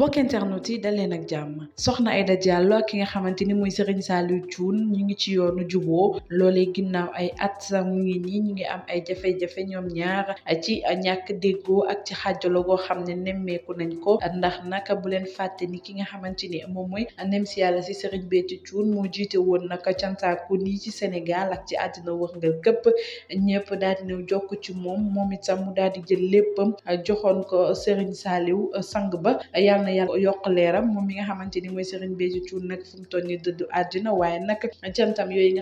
mbokk internet yi dal leen ak jàmm soxna Aïda Diallo ki nga xamante ni muy Serigne Saliou Thioune ñu ngi ci yoonu juboo loolee ginnaaw ay at sax mu ngi nii ñu ngi am ay jafe-jafe ñoom ñaar ci ñàkk déggoo ak ci xàjjalo goo xam ne nemmeeku nañ ko ndax naka bu leen fàtte ni ki nga xamante ni moom mooy nem si yàlla si Serigne moo jiite woon naka cantaaku nii ci Sénégal ci àddina wërngal këpp ñëpp daal di ñëw jokk ci moom moom it sax mu daal di jël léppam joxoon ko sëriñ Saliou sang ba yàlla na yàlla yokk leeram moom mi nga xamante ni mooy Serigne Béthio Thioune nag fu mu nga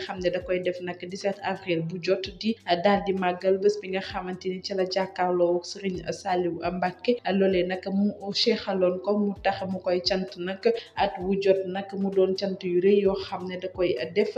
xam ne da koy def nag 17 avril bu jot di daal di màggal bés bi nga xamante ni ci la jàkkaarloo Serigne Saliou Mbacké loolee nag mu seexaloon ko mu tax mu koy cant nag at wu jot nag mu doon cant yu rëy yoo xam ne da koy def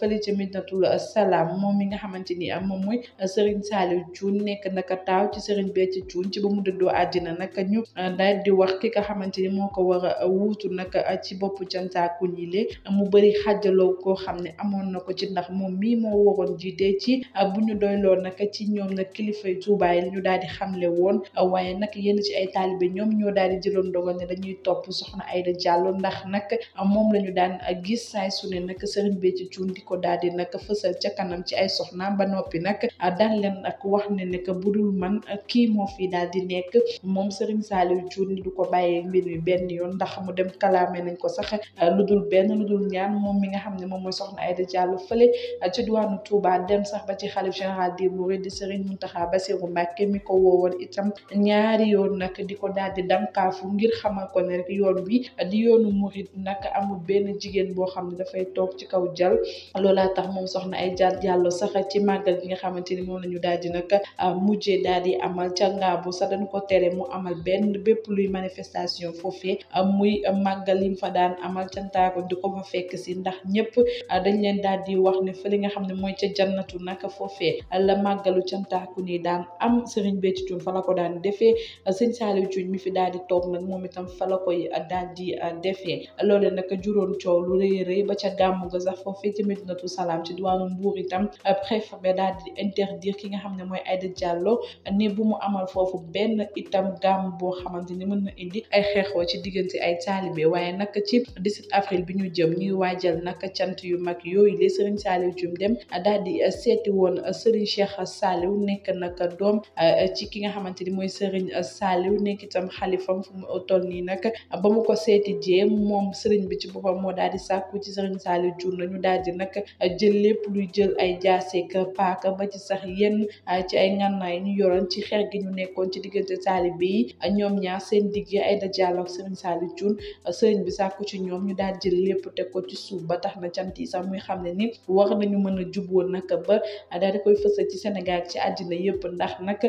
fële ca Midinatul Salaam moom mi nga xamante ni moom mooy Serigne Saliou Thioune nekk naka taaw ci Serigne Béthio Thioune ci ba mu dëddoo àddina nag ñu daal di wax ki nga xamante xamante moo ko war a wuutu nag ci boppu jantaaku ñi le mu bëri xajaloo koo xam ne amoon na ko ci ndax moom mii moo waroon jiite ci bu ñu doyloo nag ci ñoom nag kilifay Tuubaa yi ñu daal di xamle woon waaye nag yenn ci ay taalibe ñoom ñoo daal di jëloon dogal ne dañuy topp soxna Aida Diallo ndax nag moom la ñu daan gis saay su ne nag sëriñ bi ci cuun di ko daal di nag fësal ca kanam ci ay soxnaam ba noppi nag daan leen ak wax ne bu dul man kii moo fii daal di nekk moom sëriñ Saliou Cuun du ko bàyyee mbir mi benn yoon ndax mu dem kalaame nañ ko sax euh, lu dul benn lu dul ñaan moom mi nga xam ne moom mooy soxna Aïda Diallo fële euh, ci diwaanu Touba dem sax ba ci xalif général des mourides di Serigne Mountakha Bassirou Mbacké mi ko woowoon itam ñaari yoon nag di ko daal di dankaafu ngir xamal ko ne rek yoon a di yoonu murid nag amul benn jigéen boo xam ne dafay toog ci kaw jal loolaa tax moom soxna ay jal Diallo sax ci màggal gi nga xamante ni moom la ñu daal di naka euh, mujjee daal di amal ca ngaabu sax dañ ko tere mu amal benn bépp luy manifestation foofee muy màggal yim fa daan amal cantaako di ko fa fekk si ndax ñëpp ah, dañ leen daal di wax ne fële nga xam ne mooy ca jannatu naka foofee ah, la màggalu cantaaku nii daan am Serigne Béthio Thioune fa la ko daan defee ah, sëñ Saliou Thioune mi fi daal di toog nag moom itam fa la koy daal di defee loole nag juróon coow lu rëy rëy ba ca gàmmu ga sax foofee ci Medinatu Salaam ci diwaanu Mbuur itam préfet ba di interdire ki nga xam ne mooy Aïda Diallo ne bu mu amal foofu benn itam gàmm boo xamante mën na indi xeexoo ci diggante ay taalibe waaye nag ci 17 avril bi ñu jëm ñuy waajal nag cant yu mag yooyu la Serigne Saliou Thioune dem daal di seeti woon a Cheikh Saliou nekk nag doom eh, ci ki nga xamante ni mooy Serigne Saliou nekk itam xalifam fu mu toll nii nag ba mu ko seeti jee moom sëriñ bi ci boppam moo daal di sàkku ci Serigne Saliou Thioune la ñu daal di nag jël lépp luy jël ay jaaseeg paaka ba ci sax yenn eh, ci ay ngànnaay ñu yoroon ci xeex gi ñu nekkoon ci diggante taalibe yi ñoom ñaar seen digg ay daja Diallo ak Serigne Saliou Thioune sëriñ bi sàkku ci ñoom ñu daal jël lépp teg ko ci suuf ba tax na cant yi sax muy xam ne ni war nañu mën a juboo nag ba daal di koy fësal ci Sénégal ci àddina yëpp ndax nag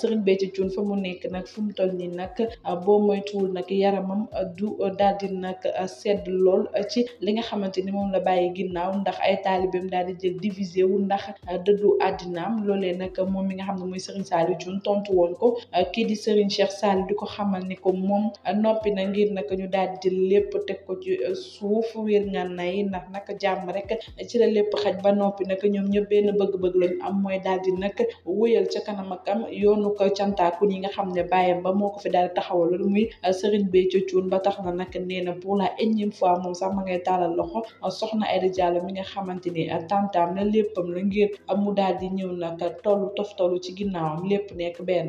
Serigne Béthio Thioune fa mu nekk nag fu mu toll nii nag boo mooy moytuwul nag yaramam du daal di nag sedd lool ci li nga xamante ni moom la bàyyi ginnaaw ndax ay taalibeem daal di jël divisé wu ndax dëddu àddinaam loolee nag moom mi nga xam ne mooy Serigne Saliou Thioune tontu woon noppi na ngir nag ñu daal di jël lépp teg ko ci euh, suuf wér ngànna yi ndax nag jàmm rek ci la lépp xaj ba noppi nag ñoom ñëpp benn bëgg-bëgg lañ am mooy daal di nag wóyal ca kanam ak yoonu ko cantaakun ñi nga xam ne bàyyam ba moo ko fi daal di taxawal loolu muy euh, Serigne Béthio Thioune ba tax na nag nee na pour la énième fois moom sax ma ngay taalal loxo euh, soxna Aïda Diallo mi nga xamante ni tantaam la léppam la ngir mu daal di ñëw nag tollu tof tollu ci ginnaawam lépp nekk benn